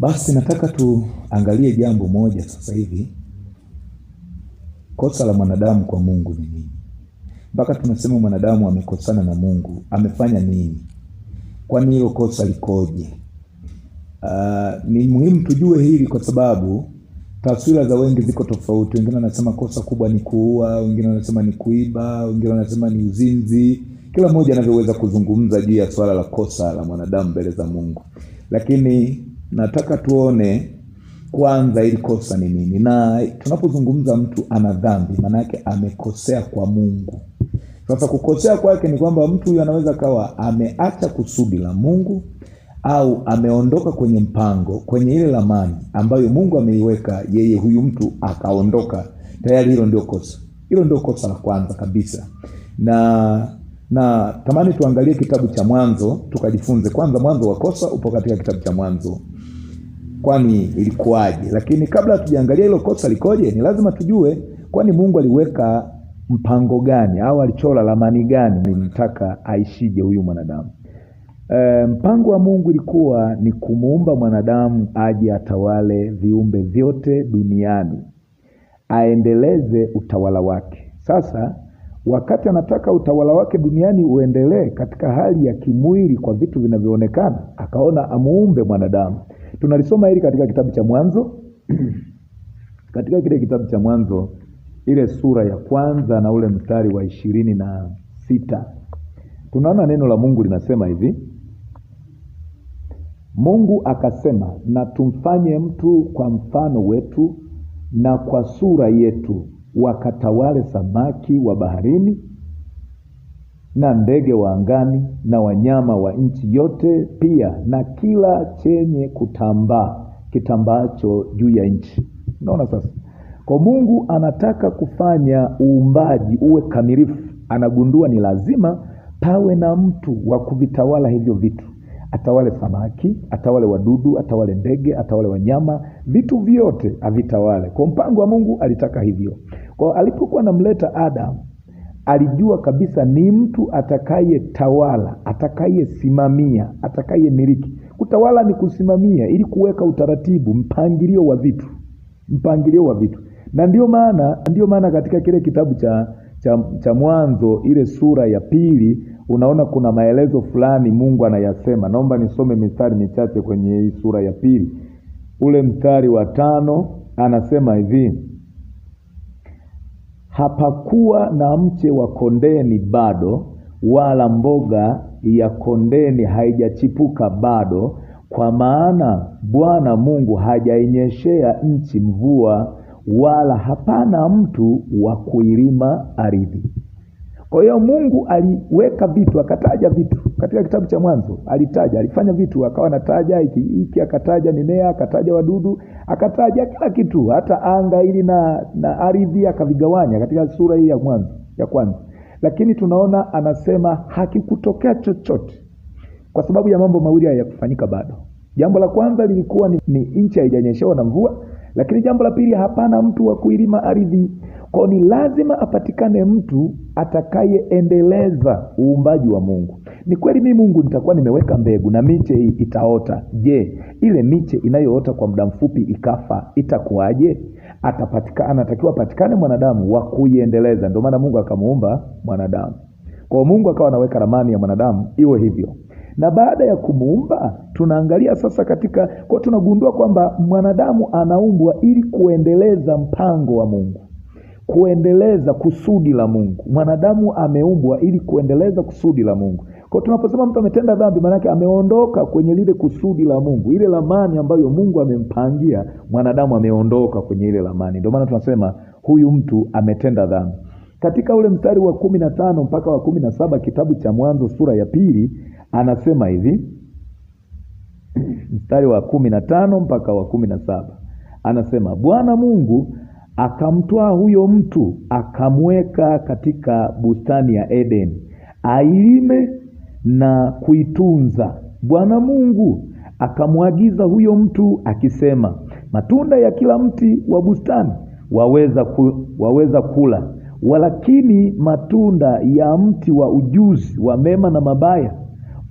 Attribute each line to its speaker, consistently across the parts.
Speaker 1: Basi nataka tuangalie jambo moja sasa hivi, kosa la mwanadamu kwa Mungu ni nini? Mpaka tunasema mwanadamu amekosana na Mungu, amefanya nini? Kwani hilo kosa likoje? Uh, ni muhimu tujue hili kwa sababu taswira za wengi ziko tofauti. Wengine wanasema kosa kubwa ni kuua, wengine wanasema ni kuiba, wengine wanasema ni uzinzi. Kila mmoja anavyoweza kuzungumza juu ya swala la kosa la mwanadamu mbele za Mungu, lakini nataka tuone kwanza ili kosa ni nini, na tunapozungumza mtu ana dhambi, maana yake amekosea kwa Mungu. Sasa kukosea kwake ni kwamba mtu huyu anaweza kawa ameacha kusudi la Mungu au ameondoka kwenye mpango, kwenye ile lamani ambayo Mungu ameiweka yeye, huyu mtu akaondoka tayari. Hilo ndio kosa, hilo ndio kosa la kwanza kabisa na na tamani tuangalie kitabu cha Mwanzo tukajifunze kwanza mwanzo wa kosa upo katika kitabu cha Mwanzo, kwani ilikuwaje. Lakini kabla hatujaangalia hilo kosa likoje, ni lazima tujue, kwani Mungu aliweka mpango gani au alichora ramani gani nimtaka aishije huyu mwanadamu. E, mpango wa Mungu ilikuwa ni kumuumba mwanadamu aje atawale viumbe vyote duniani, aendeleze utawala wake. Sasa wakati anataka utawala wake duniani uendelee katika hali ya kimwili kwa vitu vinavyoonekana, akaona amuumbe mwanadamu. Tunalisoma hili katika kitabu cha Mwanzo katika kile kitabu cha Mwanzo ile sura ya kwanza na ule mstari wa ishirini na sita tunaona neno la Mungu linasema hivi: Mungu akasema, na tumfanye mtu kwa mfano wetu na kwa sura yetu wakatawale samaki wa baharini na ndege wa angani na wanyama wa nchi yote, pia na kila chenye kutambaa kitambaacho juu ya nchi. naona sasa, kwa Mungu anataka kufanya uumbaji uwe kamilifu, anagundua ni lazima pawe na mtu wa kuvitawala hivyo vitu atawale samaki, atawale wadudu, atawale ndege, atawale wanyama, vitu vyote avitawale. Kwa mpango wa Mungu alitaka hivyo. Kwa alipokuwa anamleta Adamu, alijua kabisa ni mtu atakayetawala, atakayesimamia, atakayemiliki. Kutawala ni kusimamia, ili kuweka utaratibu, mpangilio wa vitu, mpangilio wa vitu. Na ndio maana, ndio maana katika kile kitabu cha cha, cha Mwanzo ile sura ya pili unaona kuna maelezo fulani Mungu anayasema. Naomba nisome mistari michache kwenye hii sura ya pili, ule mstari wa tano anasema hivi: hapakuwa na mche wa kondeni bado, wala mboga ya kondeni haijachipuka bado, kwa maana Bwana Mungu hajainyeshea nchi mvua wala hapana mtu wa kuilima ardhi. Kwa hiyo Mungu aliweka vitu, akataja vitu katika kitabu cha Mwanzo, alitaja, alifanya vitu, akawa anataja iki, iki akataja mimea, akataja wadudu, akataja kila kitu, hata anga ili na, na ardhi akavigawanya katika sura hii ya mwanzo ya kwanza, lakini tunaona anasema hakikutokea chochote kwa sababu ya mambo mawili hayakufanyika bado. Jambo la kwanza lilikuwa ni, ni nchi haijanyeshewa na mvua lakini jambo la pili, hapana mtu wa kuilima ardhi kwao. Ni lazima apatikane mtu atakayeendeleza uumbaji wa Mungu. Ni kweli mi Mungu nitakuwa nimeweka mbegu na miche hii itaota. Je, ile miche inayoota kwa muda mfupi ikafa itakuwaje? anatakiwa apatikane mwanadamu wa kuiendeleza. Ndio maana Mungu akamuumba mwanadamu. kwao Mungu akawa anaweka ramani ya mwanadamu iwe hivyo na baada ya kumuumba tunaangalia sasa katika kwa, tunagundua kwamba mwanadamu anaumbwa ili kuendeleza mpango wa Mungu, kuendeleza kusudi la Mungu. Mwanadamu ameumbwa ili kuendeleza kusudi la Mungu. Kwa tunaposema mtu ametenda dhambi, maanake ameondoka kwenye lile kusudi la Mungu, ile lamani ambayo Mungu amempangia mwanadamu, ameondoka kwenye ile lamani. Ndio maana tunasema huyu mtu ametenda dhambi. Katika ule mstari wa kumi na tano mpaka wa kumi na saba kitabu cha Mwanzo sura ya pili anasema hivi mstari wa kumi na tano mpaka wa kumi na saba anasema Bwana Mungu akamtwaa huyo mtu akamweka katika bustani ya Edeni ailime na kuitunza. Bwana Mungu akamwagiza huyo mtu akisema, matunda ya kila mti wa bustani waweza, ku, waweza kula, walakini matunda ya mti wa ujuzi wa mema na mabaya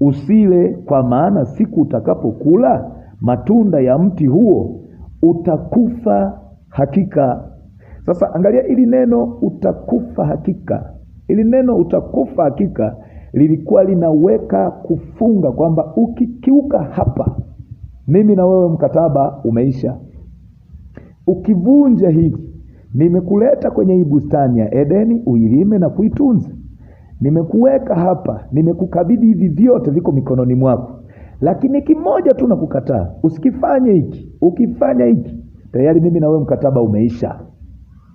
Speaker 1: usile, kwa maana siku utakapokula matunda ya mti huo utakufa hakika. Sasa angalia ili neno utakufa hakika, ili neno utakufa hakika lilikuwa linaweka kufunga kwamba ukikiuka hapa, mimi na wewe mkataba umeisha. Ukivunja hiki, nimekuleta kwenye hii bustani ya Edeni uilime na kuitunza nimekuweka hapa, nimekukabidhi hivi vyote, viko mikononi mwako, lakini kimoja tu nakukataa, usikifanye hiki. Ukifanya hiki, tayari mimi nawe mkataba umeisha,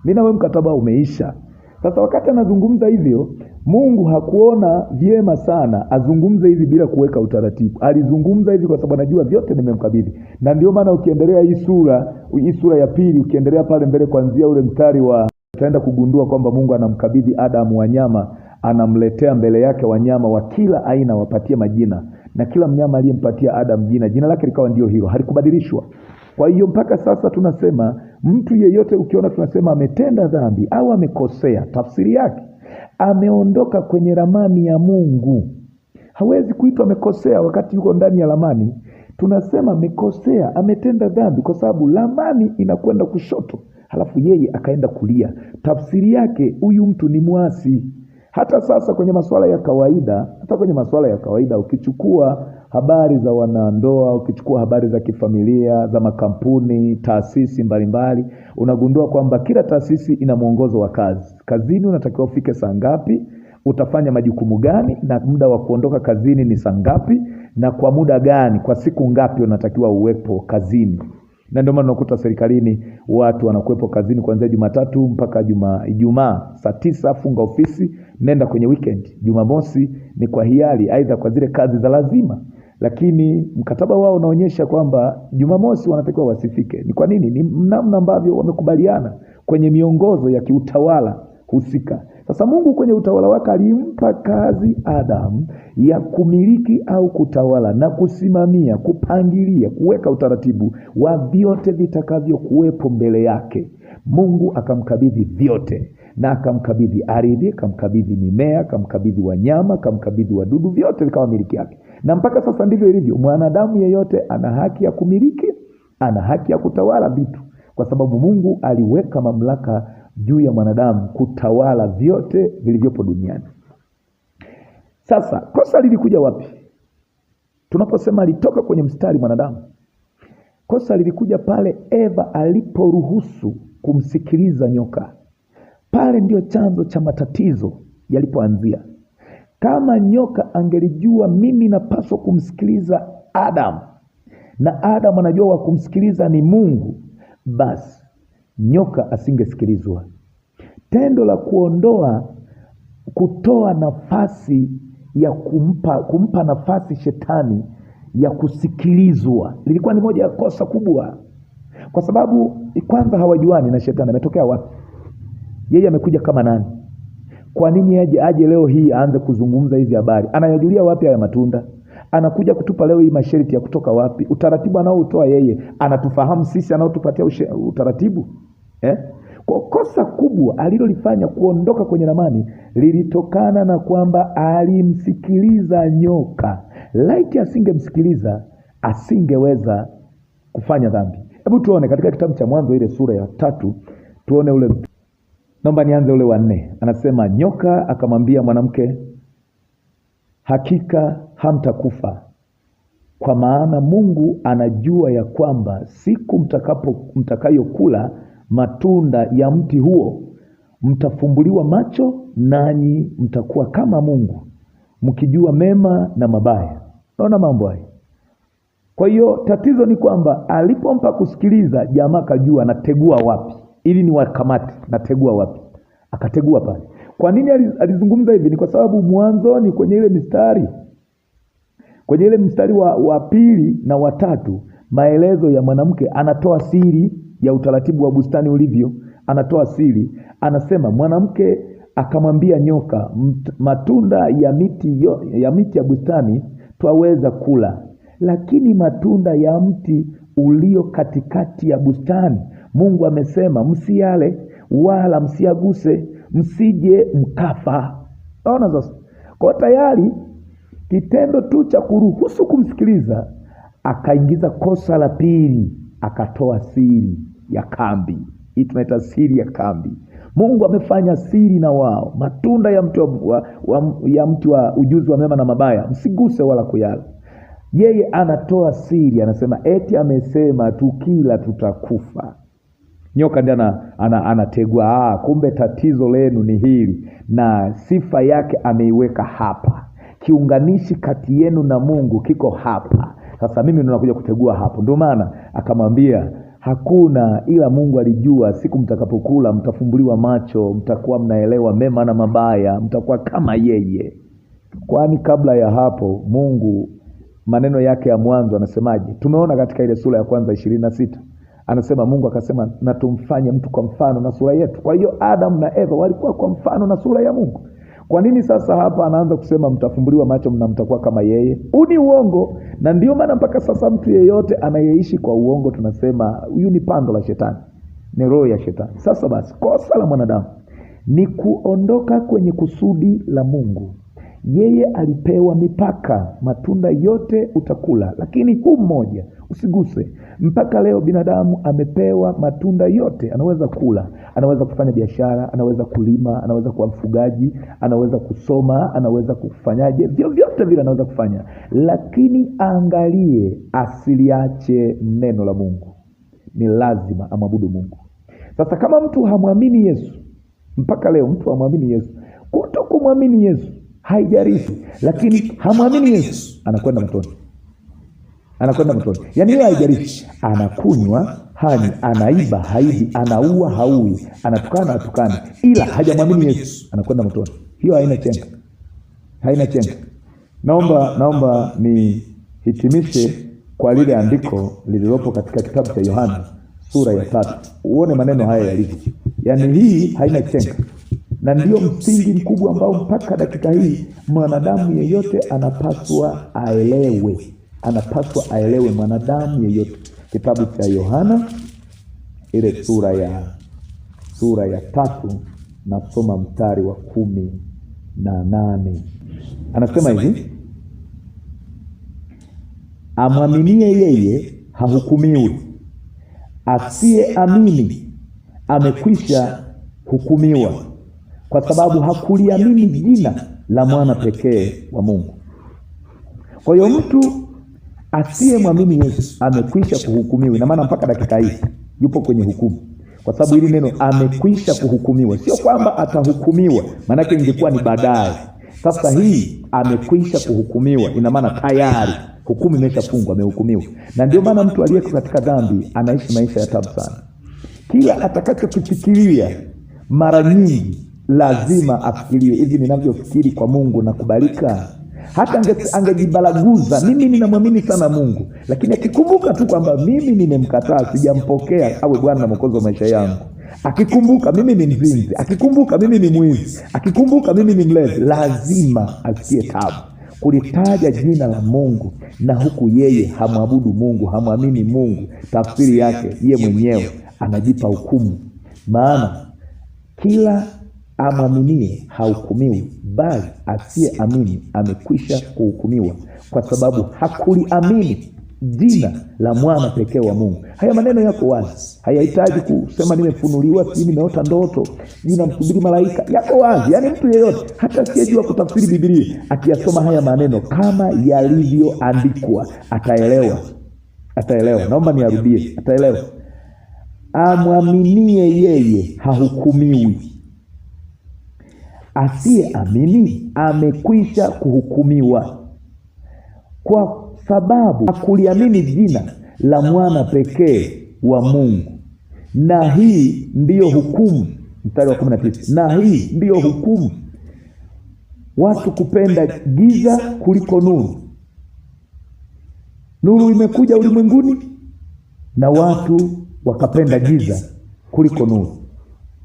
Speaker 1: mi nawe mkataba umeisha. Sasa wakati anazungumza hivyo, Mungu hakuona vyema sana azungumze hivi bila kuweka utaratibu. Alizungumza hivi kwa sababu anajua vyote nimemkabidhi, na ndio maana ukiendelea hii sura hii sura ya pili, ukiendelea pale mbele kwanzia ule mstari wa, utaenda kugundua kwamba Mungu anamkabidhi Adamu wanyama anamletea mbele yake wanyama wa kila aina wapatie majina na kila mnyama aliyempatia Adam jina jina lake likawa ndio hilo, halikubadilishwa. Kwa hiyo mpaka sasa tunasema mtu yeyote ukiona tunasema ametenda dhambi au amekosea, tafsiri yake ameondoka kwenye ramani ya Mungu. Hawezi kuitwa amekosea wakati yuko ndani ya ramani. Tunasema amekosea, ametenda dhambi, kwa sababu ramani inakwenda kushoto, halafu yeye akaenda kulia. Tafsiri yake huyu mtu ni mwasi. Hata sasa kwenye masuala ya kawaida, hata kwenye masuala ya kawaida, ukichukua habari za wanandoa, ukichukua habari za kifamilia, za makampuni, taasisi mbalimbali, unagundua kwamba kila taasisi ina mwongozo wa kazi. Kazini unatakiwa ufike saa ngapi, utafanya majukumu gani, na muda wa kuondoka kazini ni saa ngapi, na kwa muda gani, kwa siku ngapi unatakiwa uwepo kazini na ndio maana unakuta serikalini watu wanakuwepo kazini kuanzia Jumatatu mpaka Ijumaa saa tisa funga ofisi, nenda kwenye weekend. Jumamosi ni kwa hiari, aidha kwa zile kazi za lazima, lakini mkataba wao unaonyesha kwamba Jumamosi wanatakiwa wasifike. Ni kwa nini? Ni namna ambavyo wamekubaliana kwenye miongozo ya kiutawala husika. Sasa Mungu kwenye utawala wake alimpa kazi Adamu ya kumiliki au kutawala na kusimamia, kupangilia, kuweka utaratibu wa vyote vitakavyokuwepo mbele yake. Mungu akamkabidhi vyote na akamkabidhi ardhi, akamkabidhi mimea, akamkabidhi wanyama, akamkabidhi wadudu, vyote vikawa miliki yake. Na mpaka sasa ndivyo ilivyo. Mwanadamu yeyote ana haki ya kumiliki, ana haki ya kutawala vitu, kwa sababu Mungu aliweka mamlaka juu ya mwanadamu kutawala vyote vilivyopo duniani. Sasa kosa lilikuja wapi? Tunaposema alitoka kwenye mstari mwanadamu, kosa lilikuja pale Eva aliporuhusu kumsikiliza nyoka. Pale ndio chanzo cha matatizo yalipoanzia. Kama nyoka angelijua mimi napaswa kumsikiliza Adamu na Adamu anajua wa kumsikiliza ni Mungu, basi nyoka asingesikilizwa. Tendo la kuondoa, kutoa nafasi ya kumpa, kumpa nafasi shetani ya kusikilizwa lilikuwa ni moja ya kosa kubwa, kwa sababu kwanza hawajuani na shetani ametokea wapi yeye amekuja kama nani kwa nini aje aje leo hii aanze kuzungumza hizi habari anayajulia wapi haya matunda anakuja kutupa leo hii masharti ya kutoka wapi utaratibu anaoutoa yeye anatufahamu sisi anaotupatia utaratibu eh? kwa kosa kubwa alilolifanya kuondoka kwenye ramani lilitokana na kwamba alimsikiliza nyoka laiti asingemsikiliza asingeweza kufanya dhambi hebu tuone katika kitabu cha mwanzo ile sura ya tatu tuone ule Naomba nianze ule wa nne, anasema nyoka akamwambia mwanamke, hakika hamtakufa, kwa maana Mungu anajua ya kwamba siku mtakayokula matunda ya mti huo mtafumbuliwa macho, nanyi mtakuwa kama Mungu mkijua mema na mabaya. Naona mambo hayo. Kwa hiyo tatizo ni kwamba alipompa kusikiliza, jamaa kajua anategua wapi ili ni wakamati nategua wapi? Akategua pale. Kwa nini alizungumza hivi? Ni kwa sababu mwanzoni kwenye ile mistari kwenye ile mstari wa, wa pili na watatu, maelezo ya mwanamke, anatoa siri ya utaratibu wa bustani ulivyo. Anatoa siri, anasema mwanamke akamwambia nyoka, matunda ya miti, yo, ya miti ya bustani twaweza kula, lakini matunda ya mti ulio katikati ya bustani Mungu amesema msiale wala msiaguse, msije mkafa. Ona sasa, kwao tayari kitendo tu cha kuruhusu kumsikiliza, akaingiza kosa la pili, akatoa siri ya kambi. Hii tunaita siri ya kambi. Mungu amefanya siri na wao, matunda ya mti wa, wa, ya mti wa ujuzi wa mema na mabaya msiguse wala kuyala. Yeye anatoa siri, anasema eti amesema tukila tutakufa nyoka ndi anategua ana, ana ah, kumbe tatizo lenu ni hili na sifa yake ameiweka hapa kiunganishi kati yenu na mungu kiko hapa sasa mimi nakuja kutegua hapo ndio maana akamwambia hakuna ila mungu alijua siku mtakapokula mtafumbuliwa macho mtakuwa mnaelewa mema na mabaya mtakuwa kama yeye kwani kabla ya hapo mungu maneno yake ya mwanzo anasemaje tumeona katika ile sura ya kwanza ishirini na sita anasema mungu akasema natumfanye mtu kwa mfano na sura yetu kwa hiyo adamu na eva walikuwa kwa mfano na sura ya mungu kwa nini sasa hapa anaanza kusema mtafumbuliwa macho mna mtakuwa kama yeye huu ni uongo na ndio maana mpaka sasa mtu yeyote anayeishi kwa uongo tunasema huyu ni pando la shetani ni roho ya shetani sasa basi kosa la mwanadamu ni kuondoka kwenye kusudi la mungu yeye alipewa mipaka, matunda yote utakula, lakini huu mmoja usiguse. Mpaka leo binadamu amepewa matunda yote, anaweza kula, anaweza kufanya biashara, anaweza kulima, anaweza kuwa mfugaji, anaweza kusoma, anaweza kufanyaje, vyovyote vile anaweza kufanya, lakini aangalie asiliache neno la Mungu. Ni lazima amwabudu Mungu. Sasa kama mtu hamwamini Yesu mpaka leo, mtu hamwamini Yesu, kuto kumwamini Yesu haijarithi, lakini hamwamini Yesu, anakwenda mtoni, anakwenda mtoni. Yani hiyo yaani haijarithi, anakunywa hani, anaiba haibi, anaua haui, anatukana atukana, ila hajamwamini Yesu, anakwenda mtoni. Hiyo haina chenga, haina chenga. Naomba, naomba nihitimishe kwa lile andiko lililopo katika kitabu cha Yohana sura ya tatu, uone maneno haya yalivyo. Yani yaani hii haina chenga na ndiyo msingi mkubwa ambao mpaka dakika hii mwanadamu yeyote anapaswa aelewe, anapaswa aelewe, mwanadamu yeyote. Kitabu cha Yohana ile sura ya sura ya tatu nasoma mstari wa kumi na nane anasema hivi, amwaminie yeye hahukumiwi, asiyeamini amekwisha hukumiwa kwa sababu hakuliamini jina la mwana pekee wa Mungu. Kwa hiyo mtu asiyemwamini Yesu amekwisha kuhukumiwa. Ina maana mpaka dakika hii yupo kwenye hukumu, kwa sababu hili neno amekwisha kuhukumiwa, sio kwamba atahukumiwa, maanake ingekuwa ni baadaye. Sasa hii amekwisha kuhukumiwa, ina maana tayari hukumu imeshafungwa, amehukumiwa. Na ndio maana mtu aliyeko katika dhambi anaishi maisha ya tabu sana, kila atakachokifikiria mara nyingi lazima afikirie hivi, ninavyofikiri kwa Mungu nakubalika? Hata angejibalaguza, mimi ninamwamini sana Mungu, lakini akikumbuka tu kwamba mimi nimemkataa, sijampokea awe Bwana na Mwokozi wa maisha yangu, akikumbuka mimi ni mzinzi, akikumbuka mimi ni mwizi, akikumbuka mimi ni mlezi lazima asikie tabu kulitaja jina la Mungu, na huku yeye hamwabudu Mungu, hamwamini Mungu. Tafsiri yake ye mwenyewe anajipa hukumu, maana kila amwaminie hahukumiwi, bali asiyeamini amekwisha kuhukumiwa, kwa sababu hakuliamini jina la mwana pekee wa Mungu. Haya maneno yako wazi, hayahitaji kusema nimefunuliwa, si nimeota ndoto, sijui namsubiri malaika. Yako wazi, yaani mtu yeyote hata asiyejua kutafsiri Bibilia akiyasoma haya maneno kama yalivyoandikwa ataelewa, ataelewa. Naomba niarudie, ataelewa. Amwaminie yeye hahukumiwi asiyeamini amekwisha kuhukumiwa, kwa sababu hakuliamini jina la mwana pekee wa Mungu. Na hii ndiyo hukumu, mstari wa 19, na hii ndiyo hukumu, watu kupenda giza kuliko nuru. Nuru imekuja ulimwenguni na watu wakapenda giza kuliko nuru.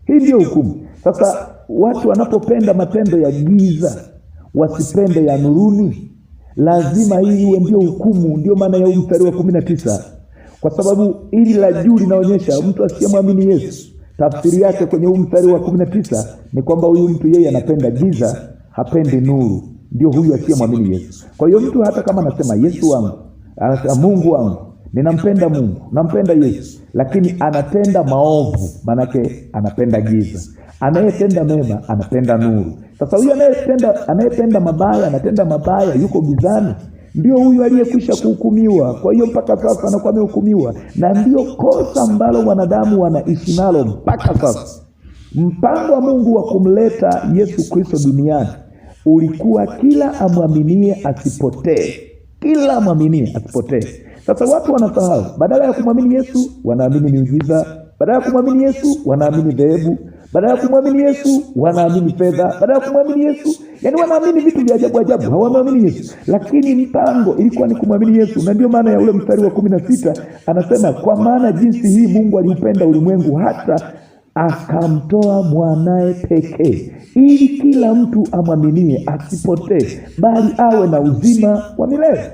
Speaker 1: Hii ndiyo hukumu. Sasa watu wanapopenda mapendo ya giza wasipende ya nuruni. Lazima hii iwe ndio hukumu. Ndio maana ya mstari wa kumi na tisa, kwa sababu ili la juu linaonyesha mtu asiyemwamini Yesu. Tafsiri yake kwenye huu mstari wa kumi na tisa ni kwamba huyu mtu yeye anapenda giza, hapendi nuru. Ndio huyu asiyemwamini Yesu. Kwa hiyo mtu hata kama anasema Yesu wangu, anasema Mungu wangu, ninampenda Mungu, nampenda Yesu, lakini anatenda maovu, maanake anapenda giza. Anayetenda mema anapenda ah. nuru. Sasa huyu anayependa anayependa mabaya anatenda mabaya, yuko gizani, ndio huyu aliyekwisha kuhukumiwa. Kwa hiyo mpaka sasa anakuwa amehukumiwa, na ndio kosa ambalo wanadamu wanaishi nalo mpaka sasa. Mpango wa Mungu wa kumleta Yesu Kristo duniani ulikuwa kila amwaminie asipotee, kila amwaminie asipotee. Sasa watu wanasahau, badala ya kumwamini Yesu wanaamini miujiza, badala ya kumwamini Yesu wanaamini dhehebu, badala ya kumwamini Yesu wanaamini fedha, badala ya kumwamini Yesu yani wanaamini vitu vya ajabu ajabu, hawamwamini Yesu. Lakini mpango ilikuwa ni kumwamini Yesu, na ndio maana ya ule mstari wa kumi na sita anasema, kwa maana jinsi hii Mungu aliupenda ulimwengu hata akamtoa mwanaye pekee, ili kila mtu amwaminie asipotee, bali awe na uzima wa milele.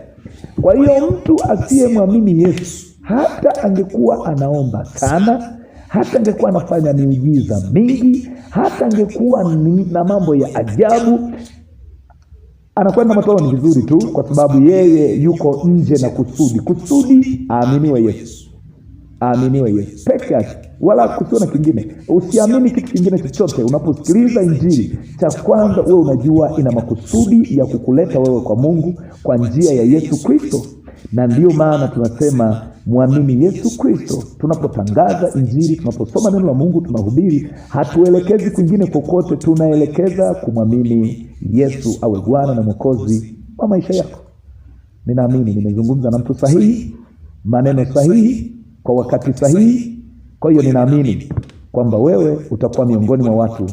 Speaker 1: Kwa hiyo mtu asiyemwamini Yesu hata angekuwa anaomba sana hata angekuwa anafanya miujiza mingi, hata angekuwa na mambo ya ajabu anakwenda ni vizuri tu, kwa sababu yeye yuko nje na kusudi. Kusudi aaminiwe Yesu, aaminiwe Yesu peke yake, wala kusiwe na kingine. Usiamini kitu kingine chochote. Unaposikiliza Injili, cha kwanza wewe unajua ina makusudi ya kukuleta wewe kwa Mungu kwa njia ya Yesu Kristo, na ndiyo maana tunasema Mwamini Yesu Kristo. Tunapotangaza Injili, tunaposoma neno la Mungu, tunahubiri, hatuelekezi kwingine kokote, tunaelekeza kumwamini Yesu awe Bwana na Mwokozi wa maisha yako. Ninaamini nimezungumza na mtu sahihi, maneno sahihi, kwa wakati sahihi. Kwa hiyo ninaamini kwamba wewe utakuwa miongoni mwa watu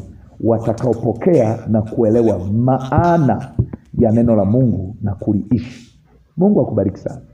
Speaker 1: watakaopokea na kuelewa maana ya neno la Mungu na kuliishi. Mungu akubariki sana.